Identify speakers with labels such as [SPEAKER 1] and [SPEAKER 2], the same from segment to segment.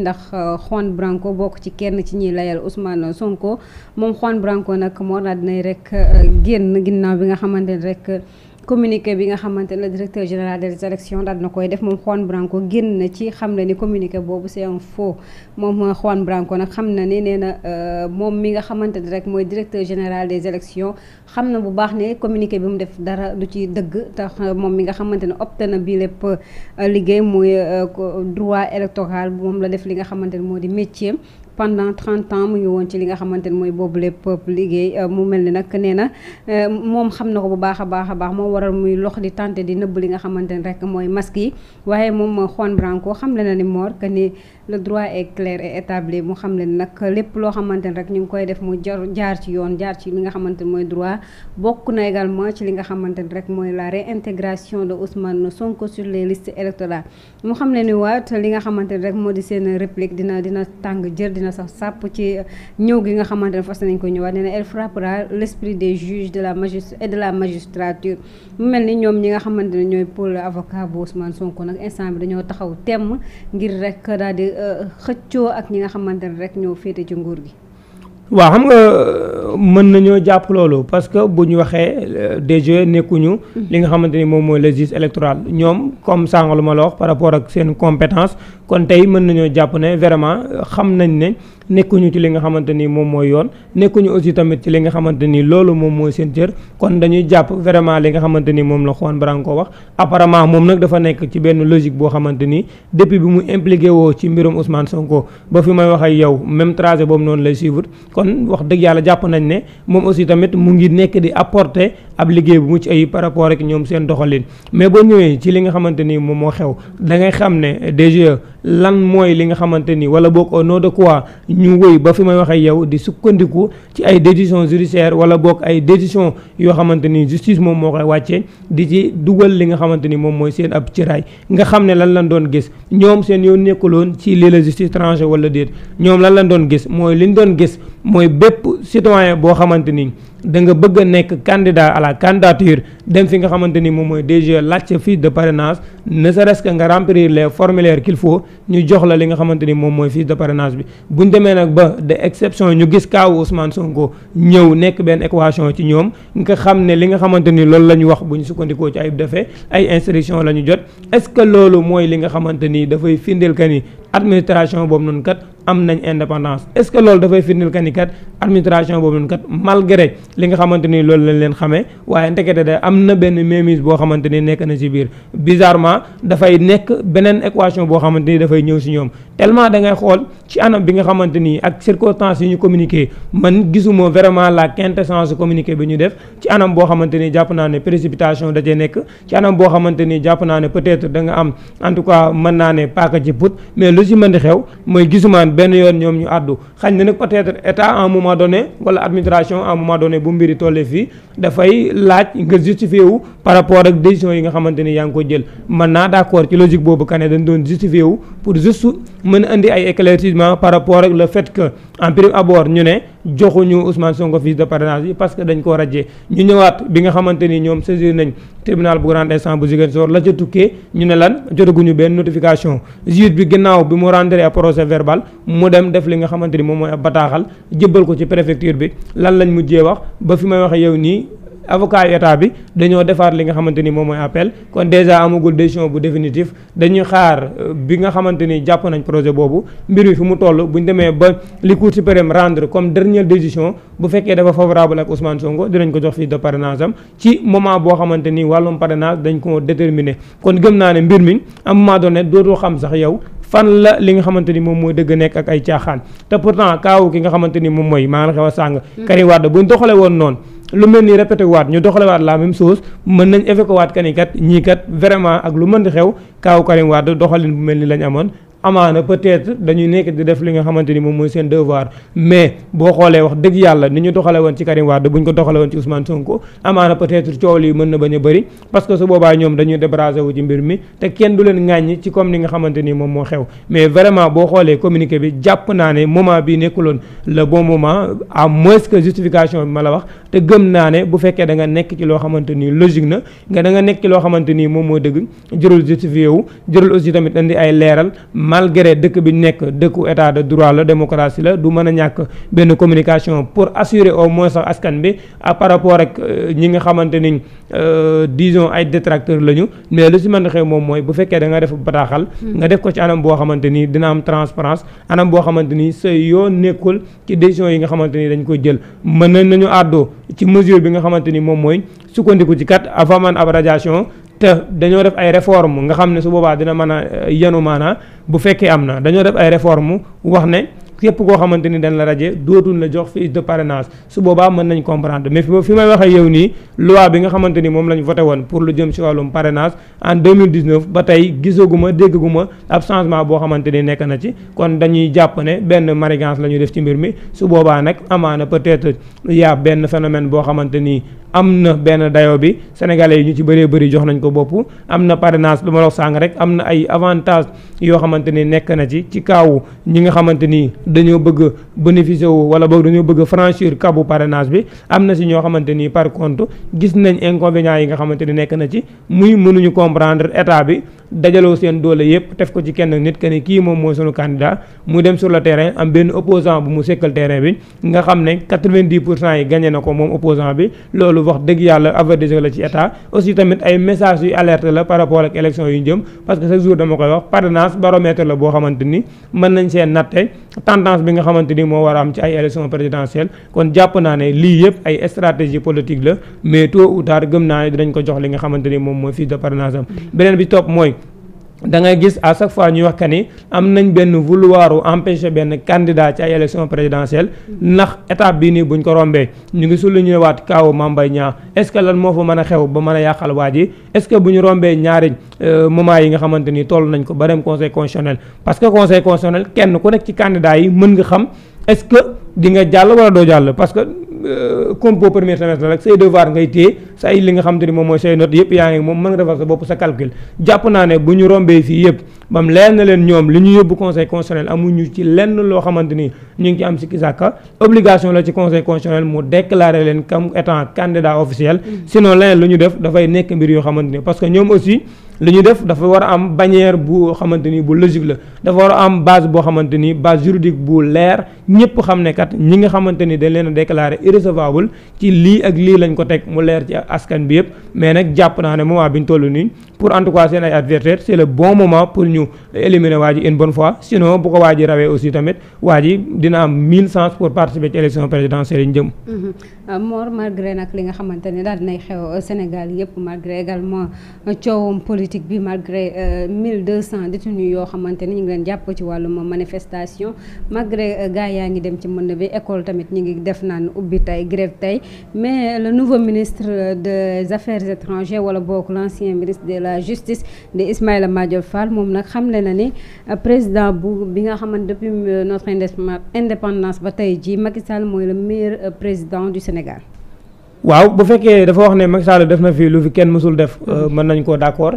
[SPEAKER 1] ndax euh, Juan Branco bokk ci kenn ci ñiy layal Ousmane Sonko moom Juan Branco nag moo daal dinay rek euh, génn ginnaaw bi nga xamante ne rek. communiqué bi nga xamante ne directeur général des élections daal na koy def moom Juan Branco génn na ci xam na ni communiqué boobu c'est un faux moom Juan Branco nag xam na ni neena na euh, moom mi nga xamante ne rek mooy directeur général des élections xam na bu baax ne communiqué bi mu def dara du ci dëgg tax euh, moom mi nga xamante ne opté na bii lépp euh, liggéey muy droit électoral moom la def li nga xamante ne moo di métier pendant trente ans mu ngi woon ci li nga xamante ne mooy boobule lépp liggéey euh, mu mel ni nag nee na euh, moom xam na ko bu baax a baax a baax moo waral muy lox di tenté di nëbb li nga xamante ni rek mooy masque yi waaye moom Juan Branco xam le na ni Mor ni le droit est clair et établi mu xam nag lépp loo xamante ne rek ngi koy def mu jar jaar ci yoon jaar ci li nga xamante mooy droit bokk na également ci li nga xamante ne rek mooy la réintégration de Ousmane Sonko sur les listes électorales xam leen ni waat li nga xamante ne rek moo di seen réplique dina dina tàng jër dina sax sàpp ci ñëw gi nga xamante ne fas nañ ko ñëwaat nee na elle frappera l'esprit des juges de la magis et de la magistrature mu mel ni ñoom ñi nga xamante ne ñooy pôle avocat bu Ousmane Sonko nag instant bi dañoo taxaw temm ngir rek daal di Euh, xëccoo ak ñi nga xamante ne rek ñoo féete ci nguur gi.
[SPEAKER 2] waa xam nga euh, mën nañoo jàpp loolu parce que bu ñu waxee euh, DG nekkuñu. Mm. li nga xamante ni moom mooy le juge électoral ñoom comme sànq lu ma la wax par rapport ak seen compétence. kon tey mën nañoo jàpp ne vraiment euh, xam nañ ne nekkuñu ci li nga xamante ni moom mooy yoon nekkuñu aussi tamit ci li nga xamante ni loolu moom mooy seen cër kon dañuy jàpp vraiment li nga xamante ni moom la Juan Branco wax apparemment moom nag dafa nekk ci benn logique boo xamante ni depuis bi mu impliqué woo ci mbirum Ousmane Sonko ba fi may wax ak yow même tracé boobu noonu lay suivre kon wax dëgg yàlla jàpp nañ ne moom aussi tamit mu ngi nekk di apporter ab liggéey bu mucc ay par rapport ak ñoom seen doxalin mais boo ñëwee ci li nga xamante ni moom moo xew dangay xam ne DGE lan mooy li nga xamante ni wala boog au nom de quoi ñu wëy ba fi may wax ak yow di sukkandiku ci ay décisions judiciaires wala boog ay décisions yoo xamante ni justice moom moo koy wàccee di ci dugal li nga xamante ni moom mooy seen ab cëraay nga xam ne lan lan doon gis ñoom seen yoon nekkuloon ci lii la justice tranché wala déet ñoom lan lan doon gis mooy liñ doon gis mooy bépp citoyen boo xamante ni da nga bëgg a nekk candidat à la candidature dem fi nga xamante ni moom mooy DG laajte fiche de parrainage ne serait-ce nga remplir les formulaires qu'il faut ñu jox la li nga xamante ni moom mooy fiche de parrainage bi bu ñu demee nag ba de exception ñu gis kaawu Ousmane Sonko ñëw nekk benn équation ci ñoom nga xam ne li nga xamante ni loolu la ñu wax bu ñu sukkandikoo ci ay defee ay instruction la ñu jot est-ce que loolu mooy li nga xamante ni dafay findeel que ni administration boobu noonu am nañ indépendance est-ce que loolu dafay firndeel que ni kat administration boobu noonu kat malgré li nga xamante ni loolu lañ leen xamee waaye ndekete da am na benn mémise boo xamante ni nekk na ci biir bizarrement dafay nekk beneen équation boo xamante ni dafay ñëw si ñoom tellement da ngay xool ci anam bi nga xamante ni ak circonstances yi ñu communiqué man gisuma vraiment la quintessence communiqué bi ñu def ci anam boo xamante ni jàpp naa ne précipitation da nekk anam boo xamante ni jàpp naa ne peut-être da am en tout cas mën naa ne paaka ci put mais lu xew benn yoon ñoom ñu àddu xañ na nag peut-être état à un administration à un bu mbiri tollee fii dafay laaj nga justifié par rapport ak décision yi nga xamante ni yaa ngi ko jël mën naa d'accord ci logique boobu kane dañ doon justifié wu pour juste mën a indi ay éclaircissement par rapport ak le fait que en prime abord ñu ne joxuñu Ousmane Sonko fiche de parrainage yi parce que dañ koo rajee ñu ñëwaat bi nga xamante ni ñoom saisir nañ tribunal bu grande instance bu Ziguinchor la ca tukkee ñu ne lan jotaguñu benn notification juge bi ginnaaw bi mu rendre ab procès verbal mu dem def li nga xamante ni moom mooy ab bataaxal jébbal ko ci préfecture bi lan lañ mujjee wax ba fi may waxe yow nii avocat yi bi dañoo defaat li nga xamante ni moom mooy appel kon déjà amagul décision bu définitif dañuy xaar euh, bi nga xamante ni jàpp nañ projet boobu mbir mi fi mu toll bu ñu demee ba li cour suprême rendre comme dernière décision bu fekkee dafa favorable ak Ousmane Sonko dinañ ko jox fiche de parrainage ci moment boo xamante ni wàllum parrainage dañ ko déterminer kon gëm naa ne mbir mi à un moment donné dootoo xam sax yow. fan la li nga xamante ni moom mooy dëgg nekk ak ay caaxaan te pourtant kaawu ki nga xamante ni moom mooy maa a sàng Karim Wade buñ doxalee woon noonu lu mel ni répété waat ñu doxalewaat la même chose mën nañ évoqué waat kani kat ñii vraiment ak lu mën di xew kaaw Karim doxalin bu mel ni lañ amoon amaana peut-être dañuy nekk di def li nga xamante ni moom mooy seen devoir mais boo xoolee wax dëgg yàlla ni ñu doxale woon ci Karim Wade buñ ko doxale woon ci Ousmane Sonko amaana peut-être coow lii mën na bañ a bëri parce que su boobaa ñoom dañuy débrasé ci mbir mi te kenn du leen ŋàññi ci comme li nga xamante ni moom moo xew mais vraiment boo xoolee communiqué bi jàpp naa ne moment bii nekkuloon le bon moment à moins que justification bi ma la wax te gëm naa ne bu fekkee da nga nekk ci loo xamante ni logique na nga da nga nekk loo xamante ni moom moo dëgg jërul justifié wu jërul aussi tamit andi ay leeral malgré dëkk bi nekk dëkku état de droit la démocratie la du mën a ñàkk benn communication pour assurer au moins sax askan bi par rapport ak euh, ñi nga xamante ni euh, disons ay détracteurs lañu mais lu si mën a xew moom mooy bu fekkee da nga def bataaxal. Hmm. nga def ko ci anam boo xamante ni dina am transparence anam boo xamante ni sa yoo nekkul ci décision yi nga xamante ni dañ koy jël mën nañu àddoo ci mesure bi nga xamante ni moom mooy sukkandiku ci kat avant man te dañoo def ay réforme nga xam ne su boobaa dina mën a eh, yenu maanaa bu fekkee am na dañoo def ay réforme wax ne képp koo xamante ni dañ la raje dootu la jox fiche de parrainage su boobaa mën nañu comprendre mais fi may waxee yow nii loi bi nga xamante ni moom lañ vote woon pour lu jëm ci wàllum parrainage en 2019 ba tey gisaguma déggaguma ab changement boo xamante ni nekk na ci kon dañuy jàpp ne benn marigance la ñuy def ci mbir mi su boobaa nag amaana peut-être yaa benn phénomène boo xamante ni am na benn dayo bi sénégalais yi ñu ci bëree bëri jox nañ ko bopp am na parrainage lu ma wax sàng rek am na ay avantage yoo xamante ni nekk na ci ci kaawu ñi nga xamante ni dañoo bëgg bénéficier wu wala boog dañoo bëgg franchir kabu parrainage bi am na si ñoo xamante ni par contre gis nañ inconvénients yi nga xamante ni nekk na ci muy mënuñu comprendre état bi dajaloo seen doole yëpp def ko ci kenn nit que ni kii moom mooy sunu candidat mu dem sur le terrain am benn opposant bu mu sekkal terrain bi nga xam ne 90 pour cent yi gagné na ko moom opposant bi loolu wax dëgg yàlla avertise la ci état aussi tamit ay messages yu alerte la par rapport ak élection yu jëm parce que chaque wax parrainage baromètre la boo xamante ni mën nañ seen natte tendance bi nga xamante ni moo war a am ci ay élection présidentielle kon jàpp naa ne lii yëpp ay stratégie la mais tôt ou tard gëm naa ko jox li nga xamante ni moom mooy fiche de parrainage mm-hmm. beneen bi topp mooy da ngay gis à chaque fois ñuy wax que ni am nañ benn vouloir u empêcher benn candidat ci ay élection présidentielle ndax étape bii nii buñ ko rombee ñu ngi sulu ñuy waat kaawu Mambay ñaa est ce que lan moo fa mën a xew ba mën a yàqal waa ji est ce que bu ñu rombee ñaari euh, moment yi nga xamante ni toll nañ ko ba dem conseil constitutionnel parce que conseil constitutionnel kenn ku nekk ci candidat yi mën nga xam est ce que di nga jàll wala doo jàll parce que Euh, comme boo premier semestre rek say devoir ngay téye sa ay li nga xam te ni moom mooy say notes yëpp yaa ngi moom mën nga defal sa bopp sa calcul jàpp naa ne bu ñu rombee fii yëpp bam leer na leen ñoom li ñu yóbbu conseil constitutionnel amuñu ci lenn loo xamante ni ñu ngi ci am sikki sàkka obligation la ci conseil constitutionnel mu déclarer leen comme étant candidat officiel mm. sinon leneen lu ñu def dafay nekk mbir yoo xamante ni parce que ñoom aussi li dafa war a am bannière bu xamante ni bu logique la dafa war a am base boo xamante ni base juridique bu leer ñëpp xam ne kat ñi nga xamante ni dañ leen a déclaré irrecevable ci lii ak lii lañ ko teg mu leer ci askan bi yëpp mm-hmm.
[SPEAKER 1] euh, malgré nag li nga xamante ne daal xew Sénégal yëpp malgré également coowam politique bi malgré euh, mille deux yoo xamante leen jàpp ci wàllum manifestation malgré euh, gars yaa ngi dem ci mën na bi école tamit ñu ngi def naan ubbi tey grève tey mais euh, le nouveau ministre euh, des affaires étrangères wala boog l'ancien ministre de la justice de Ismaïla Madior Fall moom nag xamle na ni président bu bi nga xamante depuis notre indépendance ba tey jii Macky Sall mooy le meilleur président du Sénégal.
[SPEAKER 2] waaw bu fekkee dafa wax ne Macky def na fi lu fi kenn mësul def mën nañ koo d'accord.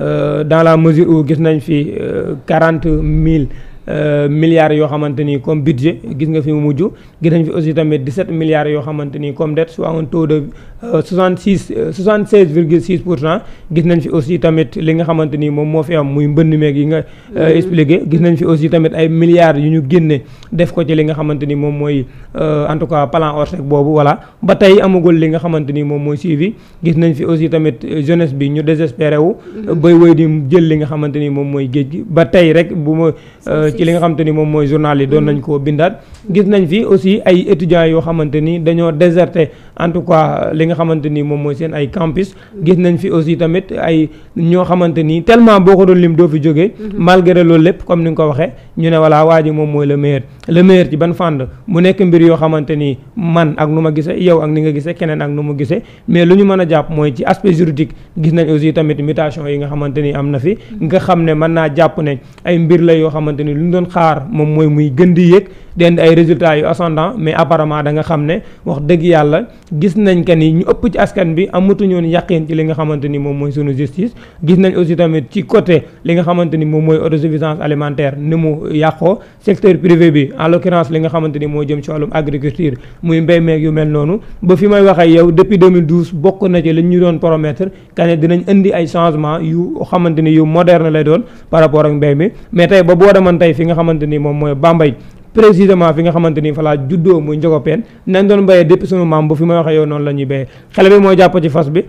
[SPEAKER 2] Euh, dans la mesure où gis nañ fi euh, quarante mille euh, milliards yoo xamante ni comme budget gis nga fi mu mujj gis nañ fi aussi tamit dix-sept milliards yoo xamante ni comme dette soit un taux de 66 76 euh, virgule 6 pour cent gis nañ fi aussi tamit li nga xamante ni moom moo fi am muy mbënd meeg yi nga euh, mm-hmm. expliqué gis nañ fi aussi tamit ay milliards yu ñu génne def ko ci li nga xamante ni moom mooy euh, en tout cas plan ORSEC boobu voilà ba tey amagul li nga xamante ni moom mooy suivi gis nañ fi aussi tamit jeunesse bi ñu désespéré wu mm-hmm. bay woy di jël li nga xamante ni moom mooy géej gi ba tey rek bu ma ci li nga xamante ni moom mooy journal yi doon nañ mm-hmm. koo bindaat gis nañ fi aussi ay étudiants yoo xamante ni dañoo déserté en tout cas nga xamante ni moom mooy seen ay campus gis nañ fi aussi tamit ay ñoo xamante ni tellement boo ko doon lim doo fi jógee mhm. malgré loolu lépp comme ni nga ko waxee ñu ne voilà waa ji moom mooy le meilleur le ci ban fànn mu nekk mbir yoo xamante ni man ak nu ma gisee yow ak ni nga gisee keneen ak nu mu gisee mais lu ñu mën a jàpp mooy ci aspect juridique gis nañ aussi tamit mutation yi nga xamante ni am na fi nga xam ne mën naa jàpp ne ay mbir la yoo xamante ni lu ñu doon xaar moom mooy muy gën di di ay résultats yu ascendant mais apparemment da nga xam ne wax dëgg yàlla gis nañ que ni ñu ëpp ci askan bi amatuñu woon yàqin ci li nga xamante ni moom mooy sunu justice gis nañ aussi tamit ci côté li nga xamante ni moom mooy autosuffisance alimentaire ni mu yàqoo secteur privé bi en l'occurrence li nga xamante ni moo jëm ci wàllum agriculture muy mbéy meeg yu mel noonu ba fi may waxee yow depuis 2012 bokk na ci li ñu doon promettre que ne dinañ indi ay changement yu xamante ni yu moderne lay doon par rapport ak mbéy mi mais tey ba boo demoon fi nga xamante ni moom mooy Bambey précisément fi nga xamante ni fa laa juddoo muy njogopeen nañ doon béyee depuis sunu maam bu fi may waxee yow noonu la ñuy béyee xale bi mooy jàpp ci fas bi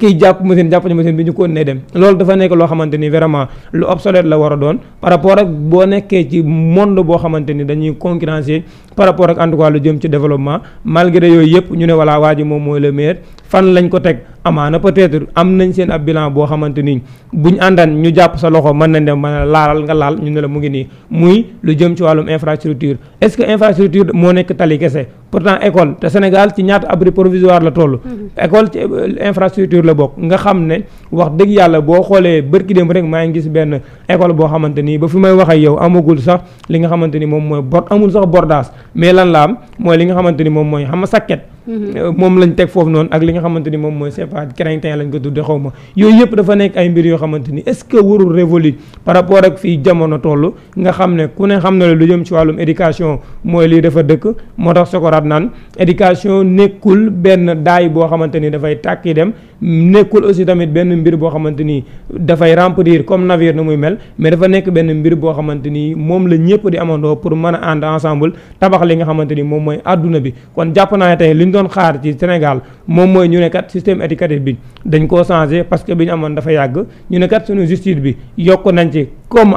[SPEAKER 2] kii jàpp machine jàpp ci machine bi ñu ko ne dem loolu dafa nekk loo xamante ni vraiment lu obsolète la war a doon par rapport ak boo nekkee ci monde boo xamante ni dañuy concurrencer par rapport ak en tout cas lu jëm ci développement malgré yooyu yëpp ñu ne voilà waa ji moom mooy le meilleur fan lañ ko teg amaana peut-être am nañ seen ab bilan boo xamante ni buñ àndan ñu jàpp sa loxo mën nañ dem mën a laalal nga laal ñu ne la mu ngi nii muy lu jëm ci wàllum infrastructure es ce que infrastructure moo nekk tali kese pourtant école te Sénégal ci ñaata abri provisoire la toll. Mhm. école ci euh, infrastructure la bokk nga xam ne wax dëgg yàlla boo xoolee bërki dem rek maa ngi gis benn école boo xamante ni ba fi may wax ak yow amagul sax li nga xamante ni moom mooy bor amul sax bordage mais lan la am mooy li nga xamante ni moom mooy xam nga sakket. Mhm. Euh, moom lañ teg foofu noonu ak li nga xamante ni moom mooy CFA craintin lañ ko tuddee xaw ma yooyu yëpp dafa nekk ay mbir yoo xamante ni est-ce que warul révolu par rapport ak fii jamono toll nga xam ne ku ne xam na lu jëm ci wàllum éducation mooy lii dafa dëkk moo tax waxaat naan éducation nekkul benn daay boo xamante ni dafay tàkki dem nekkul aussi tamit benn mbir boo xamante ni dafay remplir comme navire na muy mel mais dafa nekk benn mbir boo xamante ni moom la ñëpp di amandoo pour mën a ànd ensemble tabax li nga xamante ni moom mooy àdduna bi kon jàpp naa ne tey li ñu doon xaar ci Sénégal moom mooy ñu nekkat kat système éducatif bi dañ koo changé parce que bi ñu amoon dafa yàgg ñu ne kat suñu justice bi yokk nañ ci comme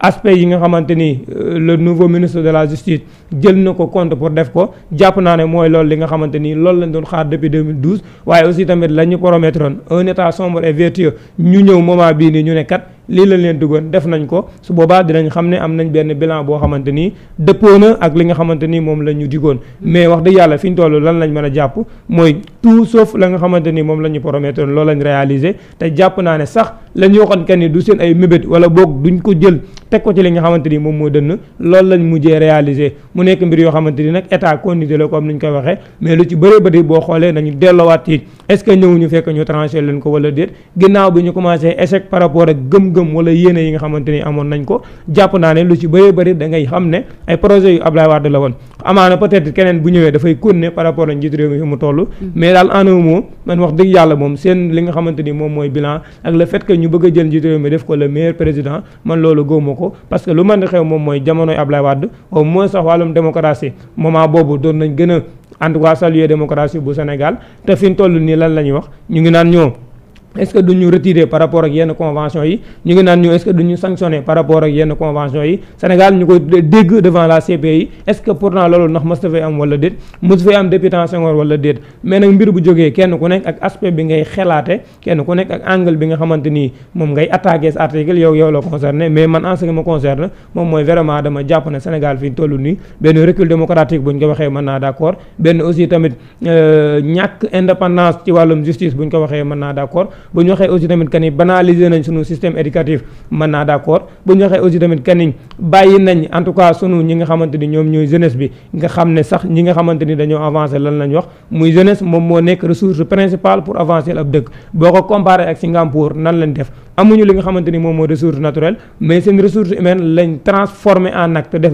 [SPEAKER 2] aspect yi nga xamante ni euh, le nouveau ministre de la justice jël na ko compte pour def ko jàpp naa ne mooy loolu li nga xamante ni loolu lañu doon xaar mil 2012 waaye aussi tamit la ñu promettroon un état sombre et vertueux ñu ñëw moment bii nii ñu ne kat lii lañ leen duggoon def nañ ko su boobaa dinañ xam ne am nañ benn bilan boo xamante ni dëppoo na ak li nga xamante ni moom la ñu digoon mais wax dëgg yàlla fi ñu toll lan lañ mën a jàpp mooy tout sauf la nga xamante ni moom la ñu promettre loolu lañ réalisé te jàpp naa ne sax la ñu kenn du seen ay mébét wala boog duñ ko jël teg ko ci li nga xamante ni moom moo dënn loolu lañ mujjee réalisé mu nekk mbir yoo xamante ni nag état condité la ni ñu koy waxee mais lu ci bëree bëri boo xoolee nañu delloowaat ci est-ce que ñëwuñu fekk ñu tranché leen ko wala déet ginnaaw bi ñu commencé par rapport da ngay xam ne la woon amaana peut keneen bu ñëwee dafay continuer par rapport ak njiitu réew mi fi mu toll mm. daal en un man wax dëgg yàlla moom seen li nga xamante ni moom mooy bilan ak le fait que ñu bëgg a jël njiitu réew mi def ko le meilleur président man loolu góoma ko parce que lu mën a xew moom mooy jamonoy Ablaye Wade au moins sax wàllum démocratie moment boobu doon nañ gën a en tout cas saluer démocratie bu Sénégal te fi ñu nii lan la ñuy wax ñu ngi naan ñoo est-ce que duñu retirer par rapport ak yenn convention yi ñu ngi naan ñu est-ce que duñu sanctionner par rapport ak yenn convention yi Sénégal ñu koy dégg devant la CPI est-ce que pourtant loolu ndax mës fay am wala déet mës fay am depuis temps Senghor wala mais nag mbir bu jógee kenn ku nekk ak aspect bi ngay xelaate kenn ku nekk ak angle bi nga xamante nii moom ngay attaquer sa article yow yow la concerné mais man en ce qui me concerne moom mooy vraiment dama jàpp ne Sénégal fi toll nii benn recul démocratique buñ ko waxee mën naa d'accord benn aussi tamit euh, ñàkk indépendance ci ko waxee mën naa d'accord bu ñu waxee aussi tamit que ni banaliser nañ sunu système éducatif mën naa d' accord bu ñu waxee aussi tamit que bàyyi nañ en tout cas sunu ñi nga xamante ni ñoom ñooy jeunesse bi nga xam ne sax ñi nga xamante ni dañoo avancé lan lañ wax muy jeunesse moom moo nekk ressource principale pour avancer ab dëkk boo ko comparé ak Singapour nan lañ def amuñu li nga xamante ni moom mooy ressource naturelle mais seen ressource humaine lañ transformé en acte